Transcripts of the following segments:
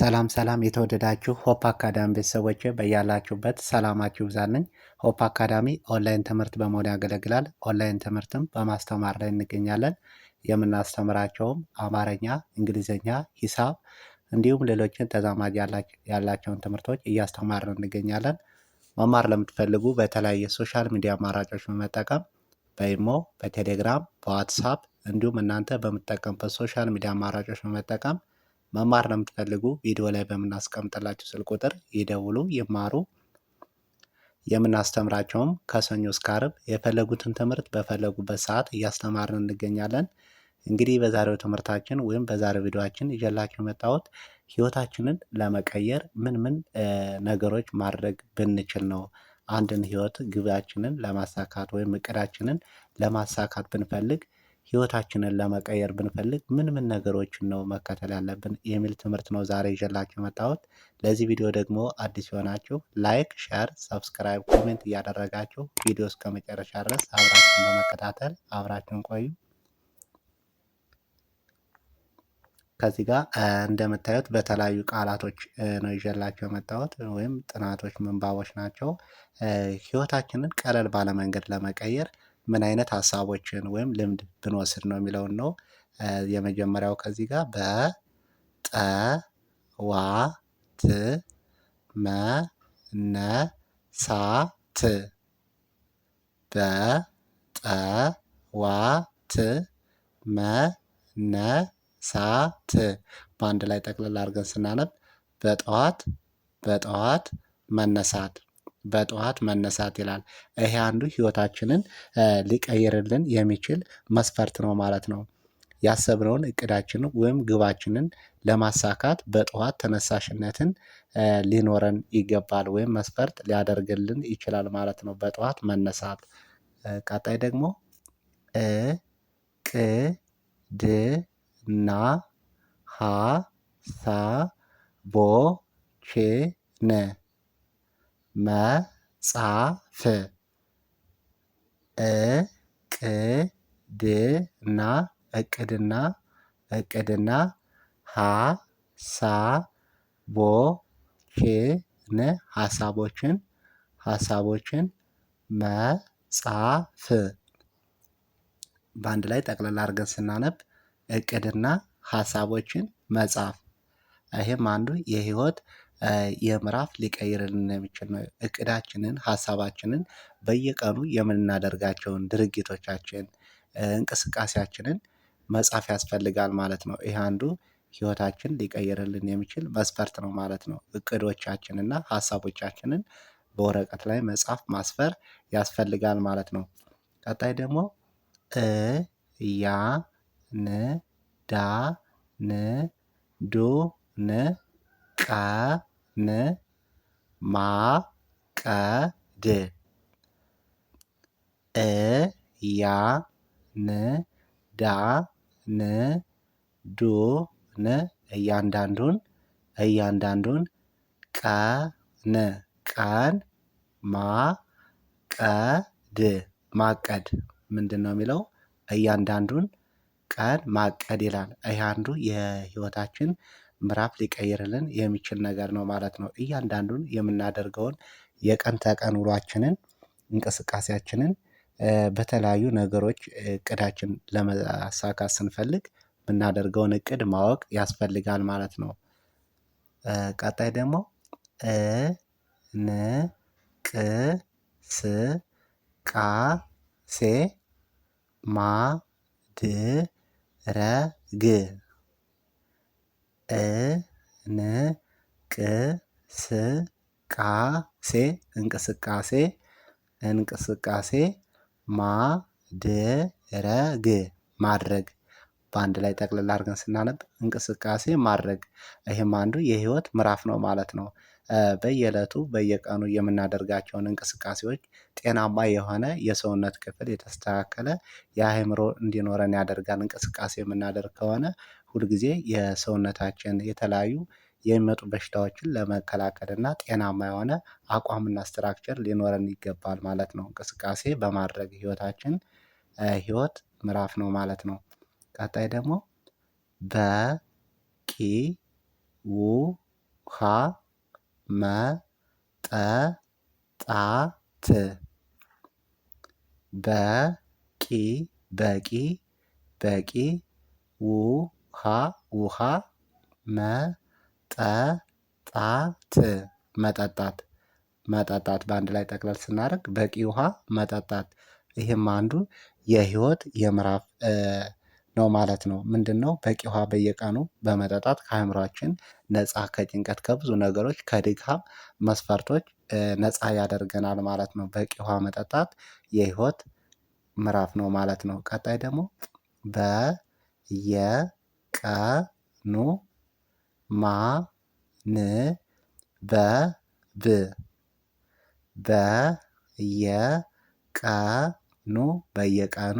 ሰላም ሰላም የተወደዳችሁ ሆፕ አካዳሚ ቤተሰቦች በያላችሁበት ሰላማችሁ ይብዛልኝ። ሆፕ አካዳሚ ኦንላይን ትምህርት በመሆን ያገለግላል። ኦንላይን ትምህርትም በማስተማር ላይ እንገኛለን። የምናስተምራቸውም አማርኛ፣ እንግሊዝኛ፣ ሂሳብ እንዲሁም ሌሎችን ተዛማጅ ያላቸውን ትምህርቶች እያስተማርን እንገኛለን። መማር ለምትፈልጉ በተለያየ ሶሻል ሚዲያ አማራጮች በመጠቀም በኢሞ፣ በቴሌግራም፣ በዋትሳፕ እንዲሁም እናንተ በምትጠቀምበት ሶሻል ሚዲያ አማራጮች በመጠቀም መማር ነው የምትፈልጉ ቪዲዮ ላይ በምናስቀምጥላችሁ ስልክ ቁጥር ይደውሉ፣ ይማሩ። የምናስተምራቸውም ከሰኞ እስከ የፈለጉትን ትምህርት በፈለጉበት ሰዓት እያስተማርን እንገኛለን። እንግዲህ በዛሬው ትምህርታችን ወይም በዛሬው ቪዲዮችን ይዤላችሁ የመጣሁት ህይወታችንን ለመቀየር ምን ምን ነገሮች ማድረግ ብንችል ነው አንድን ህይወት ግቢያችንን ለማሳካት ወይም እቅዳችንን ለማሳካት ብንፈልግ ህይወታችንን ለመቀየር ብንፈልግ ምን ምን ነገሮችን ነው መከተል ያለብን የሚል ትምህርት ነው ዛሬ ይዤላችሁ የመጣሁት። ለዚህ ቪዲዮ ደግሞ አዲስ የሆናችሁ ላይክ፣ ሼር፣ ሰብስክራይብ፣ ኮሜንት እያደረጋችሁ ቪዲዮ እስከመጨረሻ ድረስ አብራችሁን በመከታተል አብራችሁን ቆዩ። ከዚህ ጋር እንደምታዩት በተለያዩ ቃላቶች ነው ይዤላቸው የመጣሁት ወይም ጥናቶች ምንባቦች ናቸው። ህይወታችንን ቀለል ባለመንገድ ለመቀየር ምን አይነት ሀሳቦችን ወይም ልምድ ብንወስድ ነው የሚለውን ነው። የመጀመሪያው ከዚህ ጋር በጠዋት መነሳት በጠዋት መነሳት በአንድ ላይ ጠቅልላ አድርገን ስናነብ በጠዋት በጠዋት መነሳት በጠዋት መነሳት ይላል። ይሄ አንዱ ህይወታችንን ሊቀይርልን የሚችል መስፈርት ነው ማለት ነው። ያሰብነውን እቅዳችንን ወይም ግባችንን ለማሳካት በጠዋት ተነሳሽነትን ሊኖረን ይገባል ወይም መስፈርት ሊያደርግልን ይችላል ማለት ነው። በጠዋት መነሳት ቀጣይ ደግሞ እቅድና ቅ ድ ና ሀ ሳ ቦ ቼ ነ መጽሐፍ እቅድና እቅድና እቅድና ሀሳቦችን ሀሳቦችን ሀሳቦችን መጻፍ በአንድ ላይ ጠቅለል አድርገን ስናነብ እቅድና ሀሳቦችን መጻፍ ይህም አንዱ የህይወት የምዕራፍ ሊቀይርልን የሚችል ነው። እቅዳችንን ሀሳባችንን በየቀኑ የምናደርጋቸውን ድርጊቶቻችን እንቅስቃሴያችንን መጻፍ ያስፈልጋል ማለት ነው። ይህ አንዱ ህይወታችን ሊቀይርልን የሚችል መስፈርት ነው ማለት ነው። እቅዶቻችንና ሀሳቦቻችንን በወረቀት ላይ መጻፍ ማስፈር ያስፈልጋል ማለት ነው። ቀጣይ ደግሞ ያ ን ዳ ን ዱ ን ቃ ማ ቀ ድ እ ያ ን ዳ ን ዱ ን እያንዳንዱን እያንዳንዱን ቀ ን ቀን ማ ቀ ድ ማቀድ ምንድን ነው የሚለው እያንዳንዱን ቀን ማቀድ ይላል። ይህ አንዱ የህይወታችን ምዕራፍ ሊቀይርልን የሚችል ነገር ነው ማለት ነው። እያንዳንዱን የምናደርገውን የቀን ተቀን ውሏችንን እንቅስቃሴያችንን በተለያዩ ነገሮች እቅዳችን ለመሳካት ስንፈልግ የምናደርገውን እቅድ ማወቅ ያስፈልጋል ማለት ነው። ቀጣይ ደግሞ ን ቅ ስ ቃ ሴ ማ ድ ረ ግ እንቅስቃሴ እንቅስቃሴ እንቅስቃሴ ማድረግ ማድረግ በአንድ ላይ ጠቅልላ አድርገን ስናነብ እንቅስቃሴ ማድረግ ይህም አንዱ የህይወት ምዕራፍ ነው ማለት ነው። በየእለቱ በየቀኑ የምናደርጋቸውን እንቅስቃሴዎች ጤናማ የሆነ የሰውነት ክፍል የተስተካከለ የአእምሮ እንዲኖረን ያደርጋል እንቅስቃሴ የምናደርግ ከሆነ ሁልጊዜ የሰውነታችን የተለያዩ የሚመጡ በሽታዎችን ለመከላከል እና ጤናማ የሆነ አቋምና ስትራክቸር ሊኖረን ይገባል ማለት ነው። እንቅስቃሴ በማድረግ ህይወታችን ህይወት ምዕራፍ ነው ማለት ነው። ቀጣይ ደግሞ በቂ ውሃ መጠጣት በቂ በቂ በቂ ውሃ ውሃ ውሃ መጠጣት መጠጣት መጠጣት በአንድ ላይ ጠቅለል ስናደርግ በቂ ውሃ መጠጣት ይህም አንዱ የህይወት የምዕራፍ ነው ማለት ነው። ምንድነው? በቂ ውሃ በየቀኑ በመጠጣት ከአእምሯችን ነፃ ከጭንቀት ከብዙ ነገሮች ከድካም መስፈርቶች ነፃ ያደርገናል ማለት ነው። በቂ ውሃ መጠጣት የህይወት ምዕራፍ ነው ማለት ነው። ቀጣይ ደግሞ በየ ቀኑ ማ ን በ ብ በየቀኑ በየቀኑ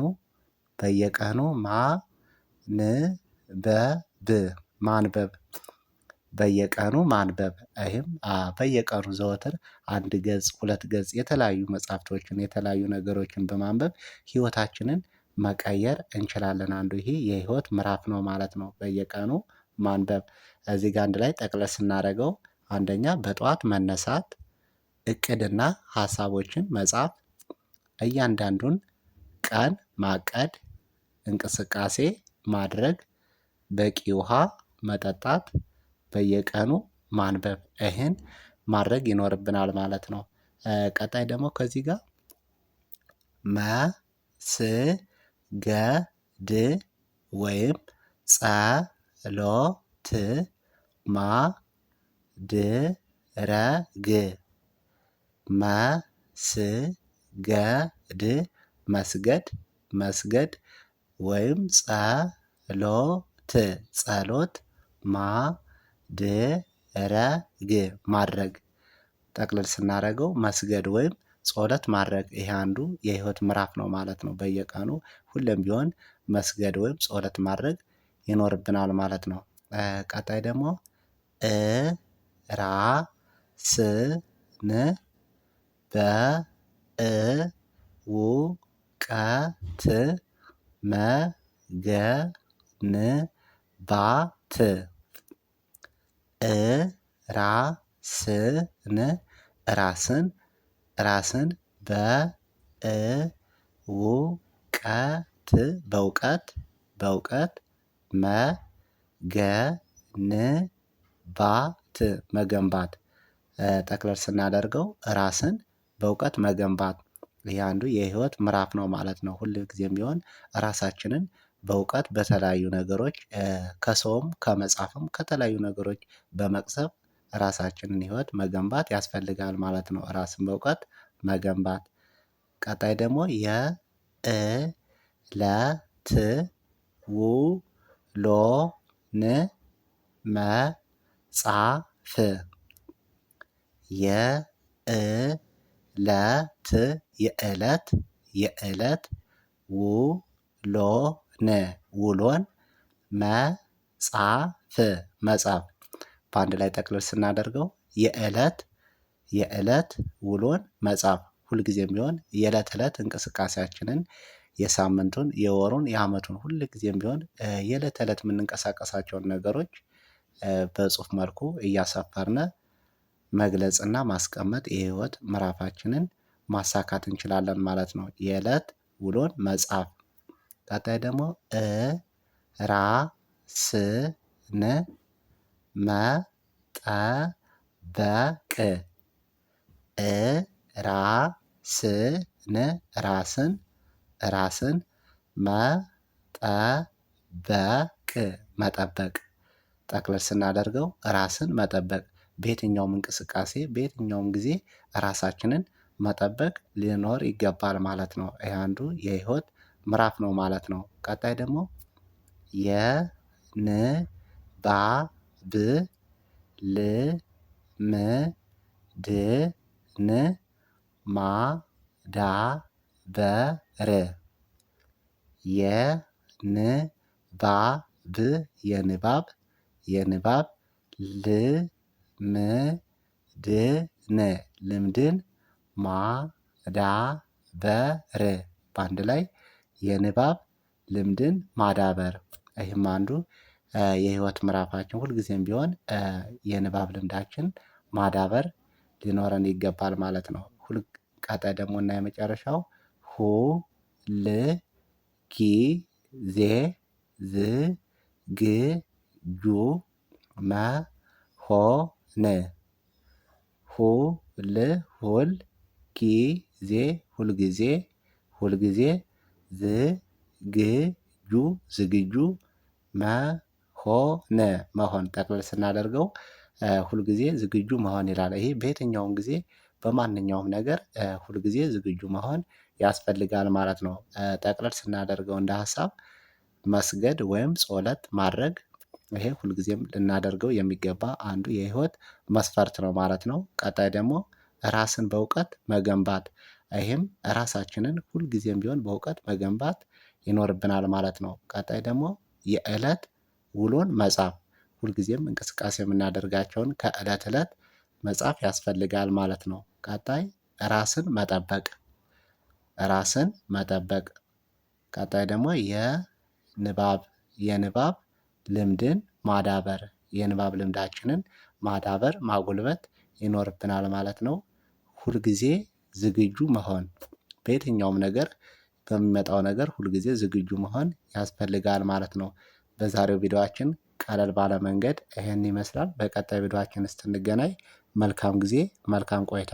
በየቀኑ ማ ን በ ብ ማንበብ በየቀኑ ማንበብ ይህም በየቀኑ ዘወትር አንድ ገጽ ሁለት ገጽ የተለያዩ መጽሐፍቶችን የተለያዩ ነገሮችን በማንበብ ህይወታችንን መቀየር እንችላለን። አንዱ ይሄ የህይወት ምዕራፍ ነው ማለት ነው። በየቀኑ ማንበብ እዚህ ጋር አንድ ላይ ጠቅለስ ስናደርገው አንደኛ በጠዋት መነሳት እቅድና ሀሳቦችን መጻፍ፣ እያንዳንዱን ቀን ማቀድ፣ እንቅስቃሴ ማድረግ፣ በቂ ውሃ መጠጣት፣ በየቀኑ ማንበብ ይህን ማድረግ ይኖርብናል ማለት ነው። ቀጣይ ደግሞ ከዚህ ጋር መስ ገድ ወይም ጸሎት ማድረግ መስገድ መስገድ መስገድ ወይም ጸሎት ጸሎት ማድረግ ማድረግ ጠቅልል ስናደርገው መስገድ ወይም ጸሎት ማድረግ ይሄ አንዱ የህይወት ምዕራፍ ነው ማለት ነው። በየቀኑ ሁሌም ቢሆን መስገድ ወይም ጸሎት ማድረግ ይኖርብናል ማለት ነው። ቀጣይ ደግሞ እ ራ ስ ን በ እ ው ቀ ት መ ገ ን ባ ት እ ራ ስ ን ራስን ራስን በእውቀት በእውቀት በእውቀት መገንባት መገንባት ጠቅለል ስናደርገው ራስን በእውቀት መገንባት ይህ አንዱ የህይወት ምዕራፍ ነው ማለት ነው። ሁል ጊዜም ቢሆን ራሳችንን በእውቀት በተለያዩ ነገሮች ከሰውም ከመጽሐፍም ከተለያዩ ነገሮች በመቅሰም ራሳችንን ህይወት መገንባት ያስፈልጋል ማለት ነው። ራስን በእውቀት መገንባት ቀጣይ ደግሞ የ እ ለ ት ው ሎ ን መ ጻ ፍ የ እ ለ ት የእለት የእለት ው ሎ ን ውሎን መጻፍ መጻፍ በአንድ ላይ ጠቅልል ስናደርገው የዕለት የዕለት ውሎን መጻፍ ሁልጊዜም ቢሆን የዕለት ዕለት እንቅስቃሴያችንን የሳምንቱን፣ የወሩን፣ የዓመቱን ሁልጊዜም ቢሆን የዕለት ዕለት የምንንቀሳቀሳቸውን ነገሮች በጽሁፍ መልኩ እያሰፈርነ መግለጽና ማስቀመጥ የህይወት ምዕራፋችንን ማሳካት እንችላለን ማለት ነው። የዕለት ውሎን መጻፍ። ቀጣይ ደግሞ ራ ስ ነ መጠበቅ እራስን ራስን ራስን መጠበቅ መጠበቅ ጠቅለል ስናደርገው ራስን መጠበቅ በየትኛውም እንቅስቃሴ በየትኛውም ጊዜ ራሳችንን መጠበቅ ሊኖር ይገባል ማለት ነው። ይህ አንዱ የህይወት ምዕራፍ ነው ማለት ነው። ቀጣይ ደግሞ የንባ? ብ ል ም ድ ን ማ ዳ በ ር የ ን ባ ብ የንባብ የንባብ ል ም ድ ን ልምድን ማ ዳ በ ር በአንድ ላይ የንባብ ልምድን ማዳበር ይህም አንዱ የህይወት ምዕራፋችን ሁልጊዜም ቢሆን የንባብ ልምዳችን ማዳበር ሊኖረን ይገባል ማለት ነው። ሁልቀጠ ደግሞ እና የመጨረሻው ሁ ል ጊ ዜ ዝ ግ ጁ መ ሆ ን ሁ ል ሁል ጊ ዜ ሁልጊዜ ሁልጊዜ ዝ ግ ጁ ዝግጁ መ ሆነ መሆን ጠቅለል ስናደርገው ሁልጊዜ ዝግጁ መሆን ይላል ይሄ በየትኛውም ጊዜ በማንኛውም ነገር ሁልጊዜ ዝግጁ መሆን ያስፈልጋል ማለት ነው። ጠቅለል ስናደርገው እንደ ሀሳብ መስገድ ወይም ጾለት ማድረግ ይሄ ሁልጊዜም ልናደርገው የሚገባ አንዱ የህይወት መስፈርት ነው ማለት ነው። ቀጣይ ደግሞ ራስን በእውቀት መገንባት ይህም ራሳችንን ሁልጊዜም ቢሆን በእውቀት መገንባት ይኖርብናል ማለት ነው። ቀጣይ ደግሞ የእለት ውሎን መጻፍ ሁልጊዜም እንቅስቃሴ የምናደርጋቸውን ከዕለት ዕለት መጻፍ ያስፈልጋል ማለት ነው። ቀጣይ ራስን መጠበቅ ራስን መጠበቅ ቀጣይ ደግሞ የንባብ የንባብ ልምድን ማዳበር የንባብ ልምዳችንን ማዳበር ማጎልበት ይኖርብናል ማለት ነው። ሁልጊዜ ዝግጁ መሆን በየትኛውም ነገር በሚመጣው ነገር ሁልጊዜ ዝግጁ መሆን ያስፈልጋል ማለት ነው። በዛሬው ቪዲዮችን ቀለል ባለ መንገድ ይህን ይመስላል። በቀጣይ ቪዲዮችን ስትንገናኝ መልካም ጊዜ፣ መልካም ቆይታ